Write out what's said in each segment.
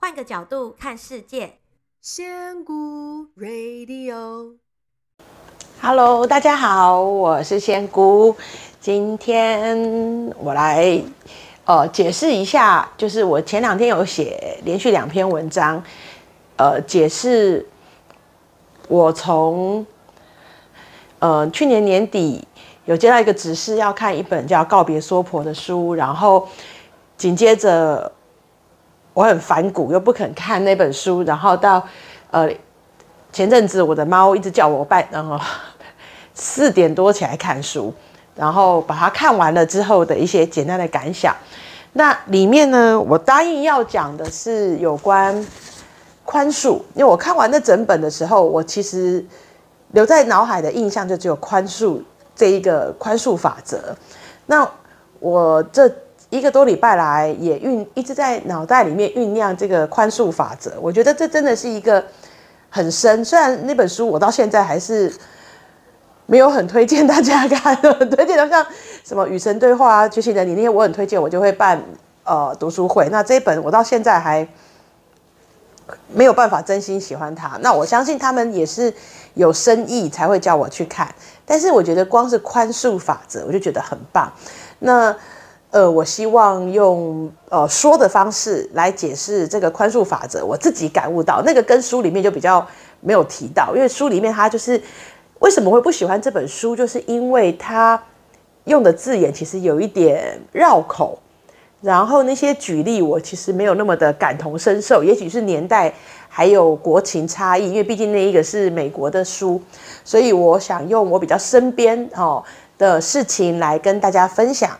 換個角度看世界，仙姑 Radio。Hello，大家好，我是仙姑。今天我來，呃，解釋一下，就是我前兩天有寫連續兩篇文章，呃，解釋我從呃去年年底有接到一個指示，要看一本叫《告別娑婆》的書，然後緊接着。我很反骨，又不肯看那本書。然後到，呃，前陣子我的貓一直叫我拜，然後四點多起來看書，然後把它看完了之後的一些簡單的感想。那裡面呢，我答應要講的是有關寬恕，因為我看完那整本的時候，我其實留在腦海的印象就只有寬恕這一個寬恕法則。那我這。一個多禮拜來也醞一直在腦袋裡面醞釀這個寬恕法則，我覺得這真的是一個很深。雖然那本書我到現在還是沒有很推薦大家看，很推薦像什麼與神對話啊、覺醒的你那些，我很推薦，我就會辦呃讀書會。那這本我到現在還沒有辦法真心喜歡它。那我相信他們也是有深意才會叫我去看，但是我覺得光是寬恕法則，我就覺得很棒。那。呃，我希望用呃說的方式來解釋這個寬恕法則。我自己感悟到那個跟書裡面就比較沒有提到，因為書裡面他就是為什麼會不喜歡這本書，就是因為他用的字眼其實有一點繞口，然後那些舉例我其實沒有那麼的感同身受，也許是年代還有國情差異，因為畢竟那一個是美國的書，所以我想用我比較身邊哦的事情來跟大家分享。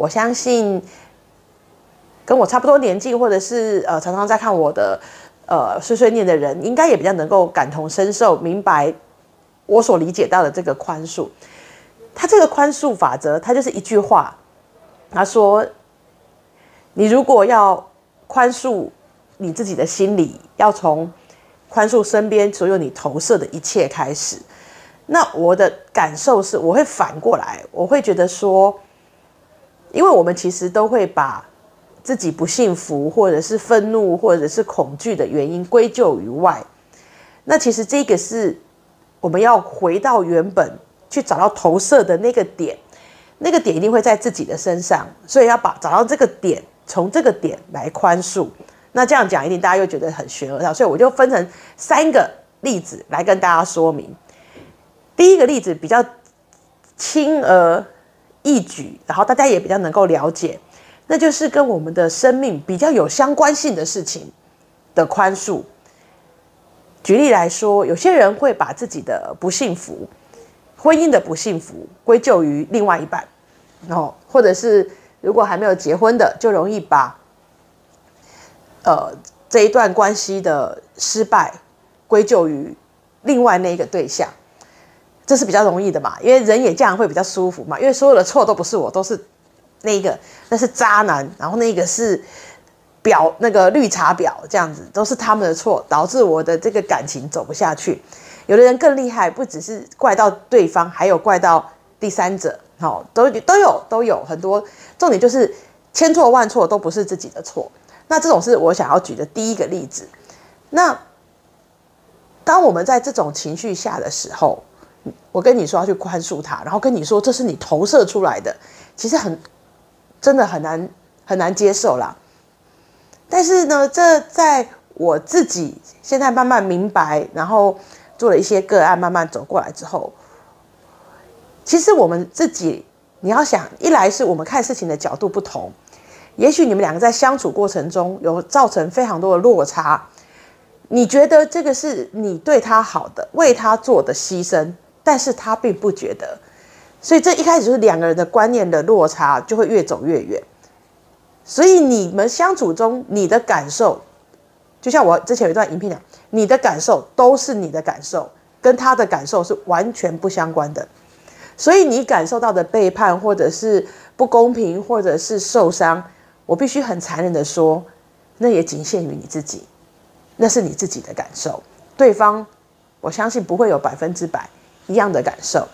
我相信跟我差不多年紀，或者是呃常常在看我的呃碎碎念的人，應該也比較能夠感同身受，明白我所理解到的這個寬恕。他這個寬恕法則，他就是一句話，他說：“你如果要寬恕你自己的心理，要從寬恕身邊所有你投射的一切開始。”那我的感受是，我會反過來，我會覺得說。因為我們其實都會把自己不幸福，或者是憤怒，或者是恐懼的原因歸咎於外。那其實這個是我們要回到原本去找到投射的那個點，那個點一定會在自己的身上，所以要把找到這個點，從這個點來寬恕。那這樣講一定大家又覺得很玄而。所以我就分成三個例子來跟大家說明。第一個例子比較輕而。一舉，然後大家也比較能夠了解，那就是跟我們的生命比較有相關性的事情的寬恕。舉例來說，有些人會把自己的不幸福、婚姻的不幸福歸咎於另外一半，然後或者是如果還沒有結婚的，就容易把呃這一段關係的失敗歸咎於另外那一個對象。這是比較容易的嘛，因為人也這樣會比較舒服嘛。因為所有的錯都不是我，都是那個那是渣男，然後那個是婊那個綠茶婊這樣子，都是他們的錯，導致我的這個感情走不下去。有的人更厲害，不只是怪到對方，還有怪到第三者，好，都都有都有很多。重點就是千錯萬錯都不是自己的錯。那這種是我想要舉的第一個例子。那當我們在這種情緒下的時候。我跟你說要去寬恕他，然後跟你說這是你投射出來的，其實很真的很難很難接受啦。但是呢，這在我自己現在慢慢明白，然後做了一些個案慢慢走過來之後，其實我們自己你要想，一來是我們看事情的角度不同，也許你們兩個在相處過程中有造成非常多的落差，你覺得這個是你對他好的，為他做的犧牲。但是他並不覺得，所以這一開始就是兩個人的觀念的落差，就會越走越遠。所以你們相處中，你的感受，就像我之前有一段影片講，你的感受都是你的感受，跟他的感受是完全不相關的。所以你感受到的背叛，或者是不公平，或者是受傷，我必須很殘忍的說，那也僅限於你自己，那是你自己的感受。對方，我相信不會有百分之百。一樣的感受，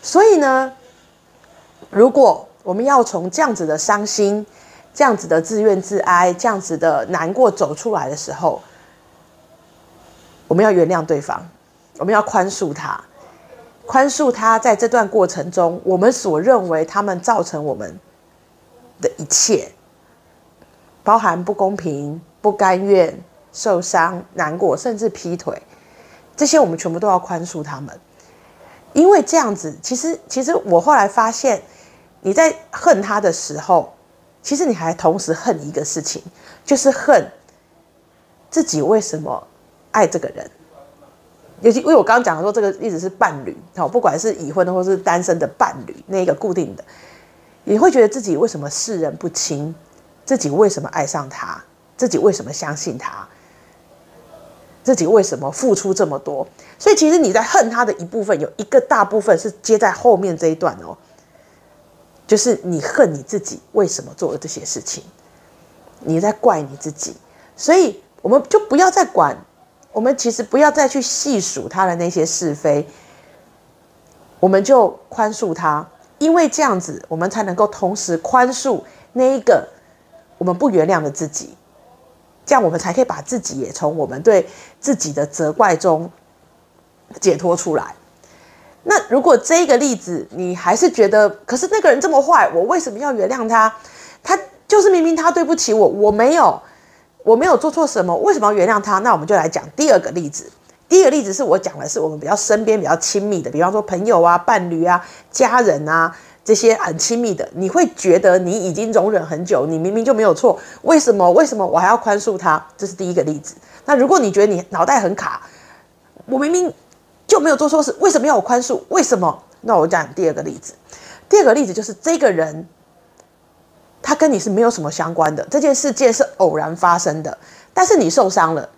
所以呢，如果我們要從這樣子的傷心、這樣子的自怨自哀、這樣子的難過走出來的時候，我們要原諒對方，我們要寬恕他，寬恕他在這段過程中我們所認為他們造成我們的一切，包含不公平、不甘願、受傷、難過，甚至劈腿，這些我們全部都要寬恕他們。因為這樣子，其實其實我後來發現，你在恨他的時候，其實你還同時恨一個事情，就是恨自己為什麼愛這個人。尤其因為我剛剛講的說，這個一直是伴侶，好，不管是已婚的或是單身的伴侶，那一個固定的，你會覺得自己為什麼識人不清，自己為什麼愛上他，自己為什麼相信他？自己為什麼付出這麼多？所以其實你在恨他的一部分，有一個大部分是接在後面這一段哦，就是你恨你自己為什麼做了這些事情，你在怪你自己，所以我們就不要再管，我們其實不要再去細數他的那些是非，我們就寬恕他，因為這樣子我們才能夠同時寬恕那一個我們不原諒的自己。這樣我們才可以把自己也從我們對自己的責怪中解脫出來。那如果這一個例子你還是覺得，可是那個人這麼壞，我為什麼要原諒他？他就是明明他對不起我，我沒有，我沒有做錯什麼，為什麼要原諒他？那我們就來講第二個例子。第一個例子是我講的是我們比較身邊比較親密的，比方說朋友啊、伴侶啊、家人啊。這些很親密的，你會覺得你已經容忍很久，你明明就沒有錯，為什麼？為什麼我還要寬恕他？這是第一個例子。那如果你覺得你腦袋很卡，我明明就沒有做錯事，為什麼要我寬恕？為什麼？那我講第二個例子。第二個例子就是這個人，他跟你是沒有什麼相關的，這件事件是偶然發生的，但是你受傷了，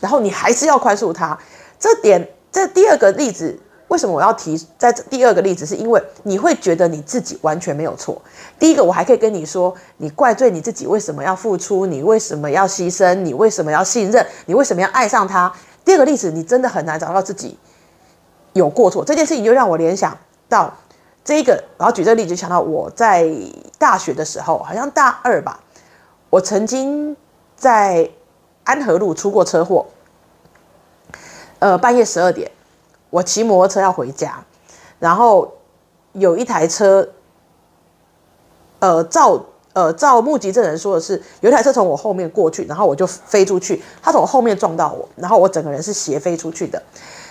然後你還是要寬恕他。這點，這第二個例子。為什麼我要提在這第二個例子？是因為你會覺得你自己完全沒有錯。第一個，我還可以跟你說，你怪罪你自己，為什麼要付出？你為什麼要犧牲？你為什麼要信任？你為什麼要愛上他？第二個例子，你真的很難找到自己有過錯。這件事情就讓我聯想到這個。然後舉這個例子，就想到我在大學的時候，好像大二吧，我曾經在安和路出過車禍，呃，半夜十二點。我騎摩托車要回家，然後有一台車，呃，照呃照目擊證人說的是，有一台車從我後面過去，然後我就飛出去，他從我後面撞到我，然後我整個人是斜飛出去的。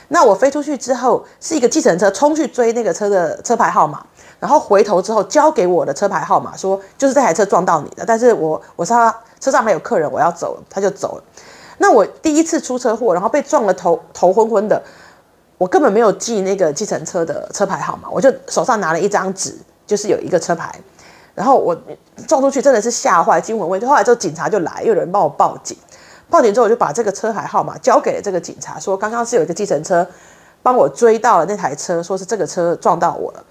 那我飛出去之後，是一個計程車衝去追那個車的車牌號碼，然後回頭之後交給我的車牌號碼，說，就是這台車撞到你的。但是我我說他車上還有客人，我要走了，他就走了。那我第一次出車禍，然後被撞了頭，頭昏昏的。我根本沒有記那個計程車的車牌號碼，我就手上拿了一張紙，就是有一個車牌，然後我撞出去真的是嚇壞，驚魂未定。後來之後警察就來，又有人幫我報警，報警之後我就把這個車牌號碼交給了這個警察，說剛剛是有一個計程車幫我追到了那台車，說是這個車撞到我了。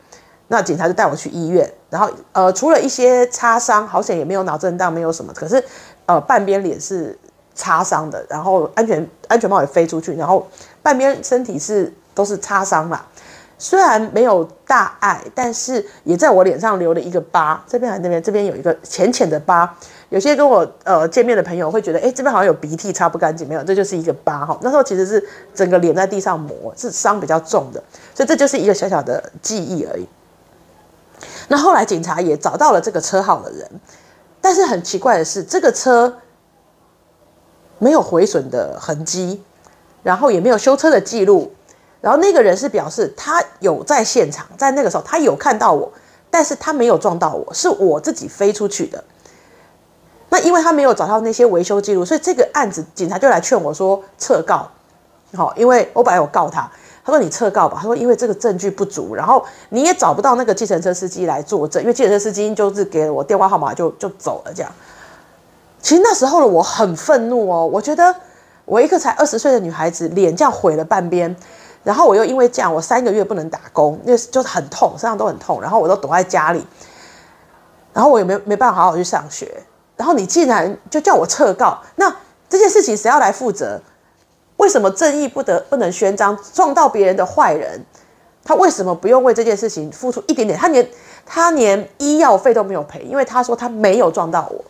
那警察就帶我去醫院，然後呃，除了一些擦傷，好險也沒有腦震盪，沒有什麼。可是呃，半邊臉是。擦傷的，然後安全安全帽也飛出去，然後半邊身體是都是擦傷嘛。雖然沒有大礙，但是也在我臉上留了一個疤，這邊還是那邊，這邊有一個淺淺的疤。有些跟我呃見面的朋友會覺得，哎、欸，這邊好像有鼻涕擦不乾淨，沒有，這就是一個疤哈。那時候其實是整個臉在地上磨，是傷比較重的，所以這就是一個小小的記憶而已。那後來警察也找到了這個車號的人，但是很奇怪的是這個車沒有毀損的痕跡，然後也沒有修車的記錄，然後那個人是表示他有在現場，在那個時候他有看到我，但是他沒有撞到我，是我自己飛出去的。那因為他沒有找到那些維修記錄，所以這個案子警察就來勸我說撤告。好，因為我本來有告他，他說你撤告吧，他說因為這個證據不足，然後你也找不到那個計程車司機來作證，因為計程車司機就是給了我電話號碼就就走了這樣。其實那時候的我很憤怒哦，我覺得我一個才二十歲的女孩子臉這樣毀了半邊，然後我又因為這樣我三個月不能打工，因為就是很痛，身上都很痛，然後我都躲在家裡，然後我也沒沒辦法好好去上學，然後你竟然就叫我撤告，那這件事情誰要來負責？為什麼正義不得不能宣張？撞到別人的壞人，他為什麼不用為這件事情付出一點點？他連他連醫藥費都沒有賠，因為他說他沒有撞到我。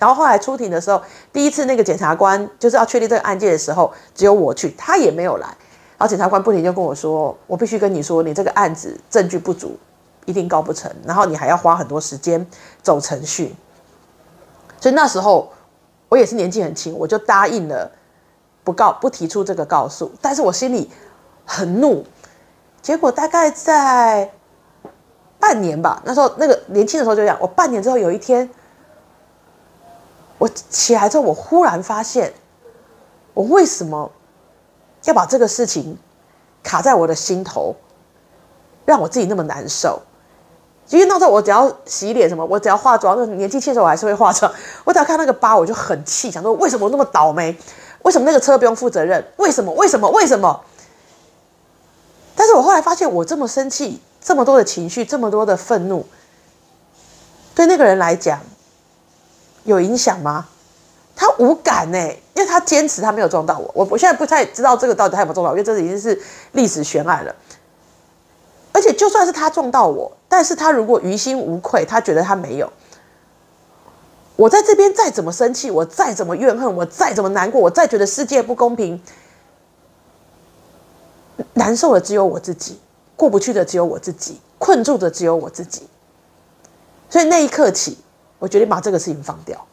然後後來出庭的時候，第一次那個檢察官就是要確定這個案件的時候，只有我去，他也沒有來。然後檢察官不停就跟我說：“我必須跟你說，你這個案子證據不足，一定告不成。然後你還要花很多時間走程序。”所以那時候我也是年紀很輕，我就答應了不告不提出這個告訴。但是我心裡很怒。結果大概在半年吧，那時候那個年輕的時候就這樣，我半年之後有一天。我起來之後，我忽然發現，我為什麼要把這個事情卡在我的心頭，讓我自己那麼難受？因為那時候我只要洗臉什麼，我只要化妝，那年紀輕的時候，我還是會化妝。我只要看那個疤，我就很氣，想說為什麼那麼倒霉？為什麼那個車不用負責任？為什麼？為什麼？為什麼？但是我後來發現，我這麼生氣，這麼多的情緒，這麼多的憤怒，對那個人來講。有影響嗎？他無感哎、欸，因為他堅持他沒有撞到我，我我現在不太知道這個到底他有沒有撞到，因為這已經是歷史懸案了。而且就算是他撞到我，但是他如果於心無愧，他覺得他沒有。我在這邊再怎麼生氣，我再怎麼怨恨，我再怎麼難過，我再覺得世界不公平，難受的只有我自己，過不去的只有我自己，困住的只有我自己。所以那一刻起。我決定把這個事情放掉，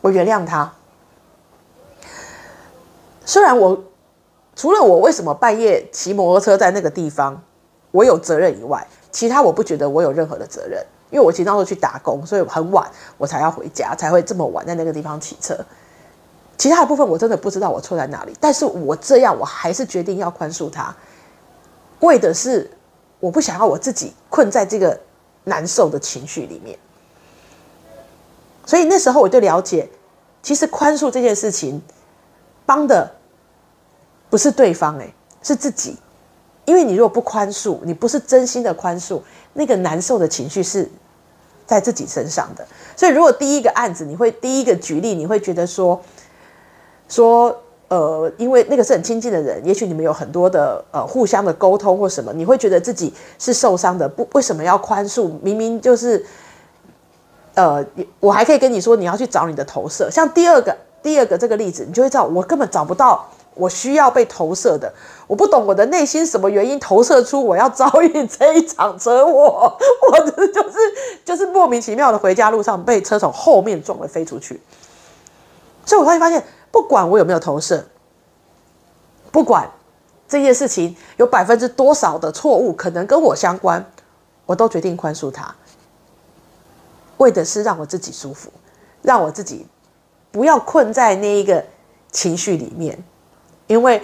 我原諒他。雖然我除了我為什麼半夜騎摩托車在那個地方，我有責任以外，其他我不覺得我有任何的責任。因為我其實那時候去打工，所以很晚我才要回家，才會這麼晚在那個地方騎車。其他的部分我真的不知道我錯在哪裡，但是我這樣我還是決定要寬恕他，為的是我不想要我自己困在這個難受的情緒裡面。所以那時候我就了解，其實寬恕這件事情，幫的不是對方欸，是自己，因為你如果不寬恕，你不是真心的寬恕，那個難受的情緒是在自己身上的。所以如果第一個案子，你會第一個舉例，你會覺得說，說呃，因為那個是很親近的人，也許你們有很多的呃互相的溝通或什麼，你會覺得自己是受傷的，不，為什麼要寬恕？明明就是。呃，我還可以跟你說，你要去找你的投射。像第二個第二個這個例子，你就會知道，我根本找不到我需要被投射的。我不懂我的內心什麼原因投射出我要遭遇這一場車禍，或者就是、就是、就是莫名其妙的回家路上被車從後面撞了飛出去。所以我發現發現，不管我有沒有投射，不管這件事情有百分之多少的錯誤可能跟我相關，我都決定寬恕他。為的是讓我自己舒服，讓我自己不要困在那一個情緒裡面，因為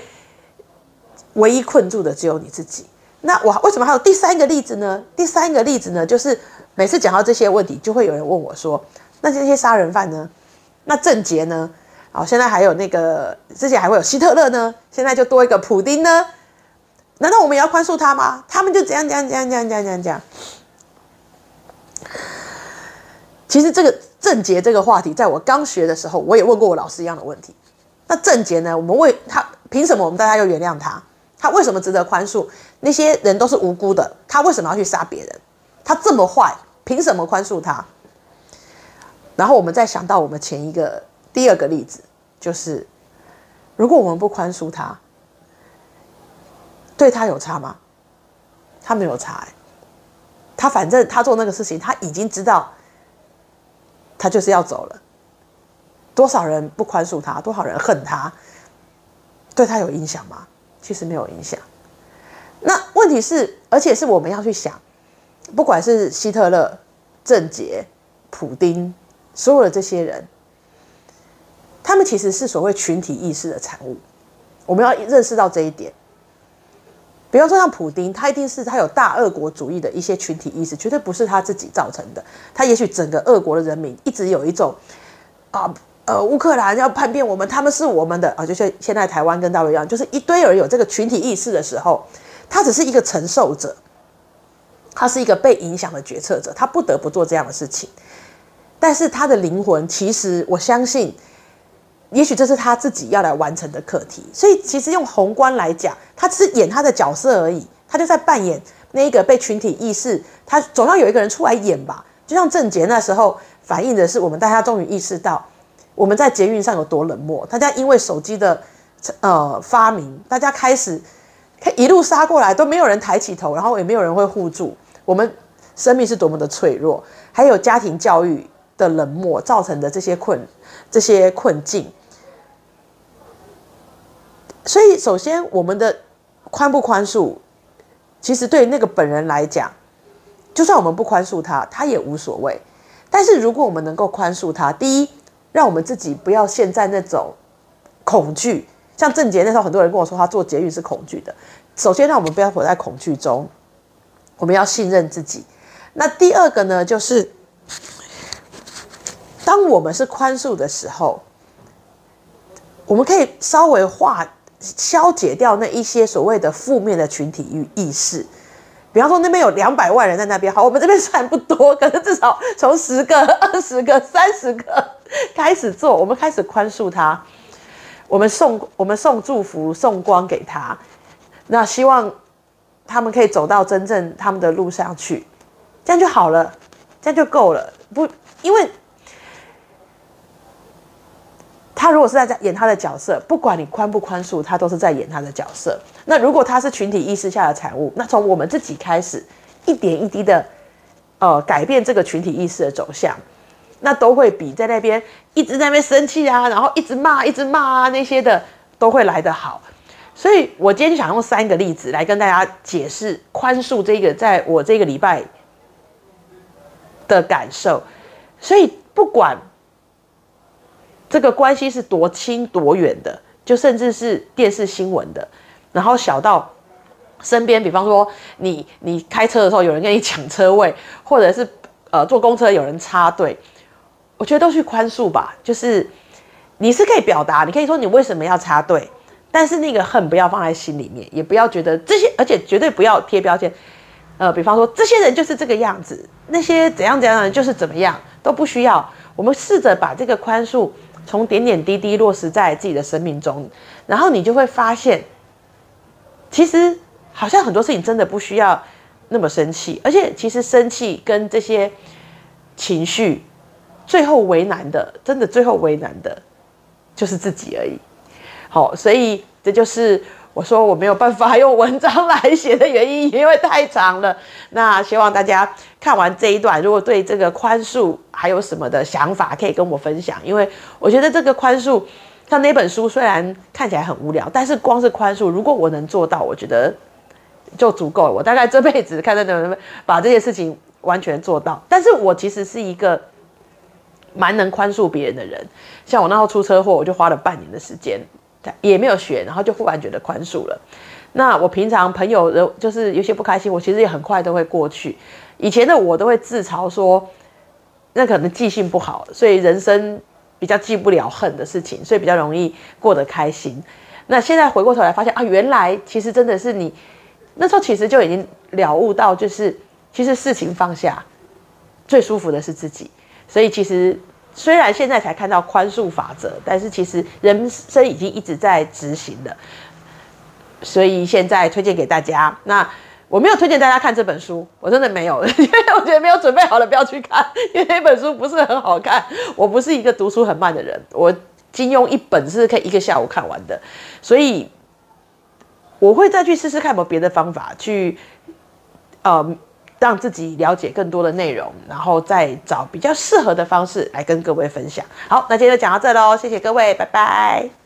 唯一困住的只有你自己。那我為什麼還有第三個例子呢？第三個例子呢，就是每次講到這些問題，就會有人問我說：“那這些殺人犯呢？那鄭捷呢？好，現在還有那個之前還會有希特勒呢，現在就多一個普丁呢？難道我們也要寬恕他嗎？他們就這樣這樣、這樣、這樣、這樣……這樣這樣其實這個鄭捷這個話題，在我剛學的時候，我也問過我老師一樣的問題。那鄭捷呢？我們為他憑什麼？我們大家要原諒他？他為什麼值得寬恕？那些人都是無辜的，他為什麼要去殺別人？他這麼壞，憑什麼寬恕他？然後我們再想到我們前一個第二個例子，就是如果我們不寬恕他，對他有差嗎？他沒有差，欸，他反正他做那個事情，他已經知道。他就是要走了，多少人不寬恕他，多少人恨他，對他有影響嗎？其實沒有影響。那問題是，而且是我們要去想，不管是希特勒、鄭捷、普丁，所有的這些人，他們其實是所謂群體意識的產物，我們要認識到這一點。比方說像普丁，他一定是他有大俄國主義的一些群體意識，絕對不是他自己造成的。他也許整個俄國的人民一直有一種，啊呃，呃，烏克蘭要叛變我們，他們是我們的啊，就像現在台灣跟大陸一樣，就是一堆人有這個群體意識的時候，他只是一個承受者，他是一個被影響的決策者，他不得不做這樣的事情。但是他的靈魂，其實我相信。也許這是他自己要來完成的課題，所以其實用宏觀來講，他只是演他的角色而已，他就在扮演那個被群體意識。他總要有一個人出來演吧，就像鄭捷那時候反映的是，我們大家終於意識到我們在捷運上有多冷漠，大家因為手機的呃發明，大家開始一路殺過來都沒有人抬起頭，然後也沒有人會互助，我們生命是多麼的脆弱，還有家庭教育的冷漠造成的這些困這些困境。所以，首先，我們的寬不寬恕，其實對那個本人來講，就算我們不寬恕他，他也無所謂。但是，如果我們能夠寬恕他，第一，讓我們自己不要陷在那種恐懼。像鄭捷那時候，很多人跟我說他坐捷運是恐懼的。首先，讓我們不要活在恐懼中，我們要信任自己。那第二個呢，就是當我們是寬恕的時候，我們可以稍微化，消解掉那一些所謂的負面的群體與意識，比方說那邊有兩百萬人在那邊，好，我們這邊雖然不多，可是至少從十個、二十個、三十個開始做，我們開始寬恕他，我們送我們送祝福、送光給他，那希望他們可以走到真正他們的路上去，這樣就好了，這樣就夠了，不，因為。他如果是在演他的角色，不管你寬不寬恕，他都是在演他的角色。那如果他是群體意識下的產物，那從我們自己開始一點一滴的，呃，改變這個群體意識的走向，那都會比在那邊一直在那邊生氣啊，然後一直罵、一直罵啊那些的，都會來得好。所以我今天就想用三個例子來跟大家解釋寬恕這個，在我這個禮拜的感受。所以不管。這個關係是多親多遠的，就甚至是電視新聞的，然後小到身邊，比方說你你開車的時候有人跟你搶車位，或者是呃坐公車有人插隊，我覺得都去寬恕吧。就是你是可以表達，你可以說你為什麼要插隊，但是那個恨不要放在心裡面，也不要覺得這些，而且絕對不要貼標籤。呃，比方說這些人就是這個樣子，那些怎樣怎樣的人就是怎麼樣，都不需要。我們試着把這個寬恕。從點點滴滴落實在自己的生命中，然後你就會發現，其實好像很多事情真的不需要那麼生氣，而且其實生氣跟這些情緒，最後為難的，真的最後為難的就是自己而已。好，哦，所以這就是，我說我沒有辦法用文章來寫的原因，因為太長了。那希望大家看完這一段，如果對這個寬恕還有什麼的想法，可以跟我分享。因為我覺得這個寬恕，像那本書雖然看起來很無聊，但是光是寬恕，如果我能做到，我覺得就足夠了。我大概這輩子看在能不能把這些事情完全做到，但是我其實是一個蠻能寬恕別人的人。像我那時候出車禍，我就花了半年的時間。也沒有學，然後就忽然覺得寬恕了。那我平常朋友的，就是有些不開心，我其實也很快都會過去。以前的我都會自嘲說，那可能記性不好，所以人生比較記不了恨的事情，所以比較容易過得開心。那現在回過頭來發現啊，原來其實真的是你那時候其實就已經了悟到，就是其實事情放下最舒服的是自己。所以其實。雖然現在才看到寬恕法則，但是其實人生已經一直在執行了。所以現在推薦給大家。那我沒有推薦大家看這本書，我真的沒有，因為我覺得沒有準備好了不要去看，因為那本書不是很好看。我不是一個讀書很慢的人，我金庸一本是可以一個下午看完的，所以我會再去試試看有沒有別的方法去，呃。讓自己了解更多的內容，然後再找比較適合的方式來跟各位分享。好，那今天就講到這嘍，謝謝各位，拜拜。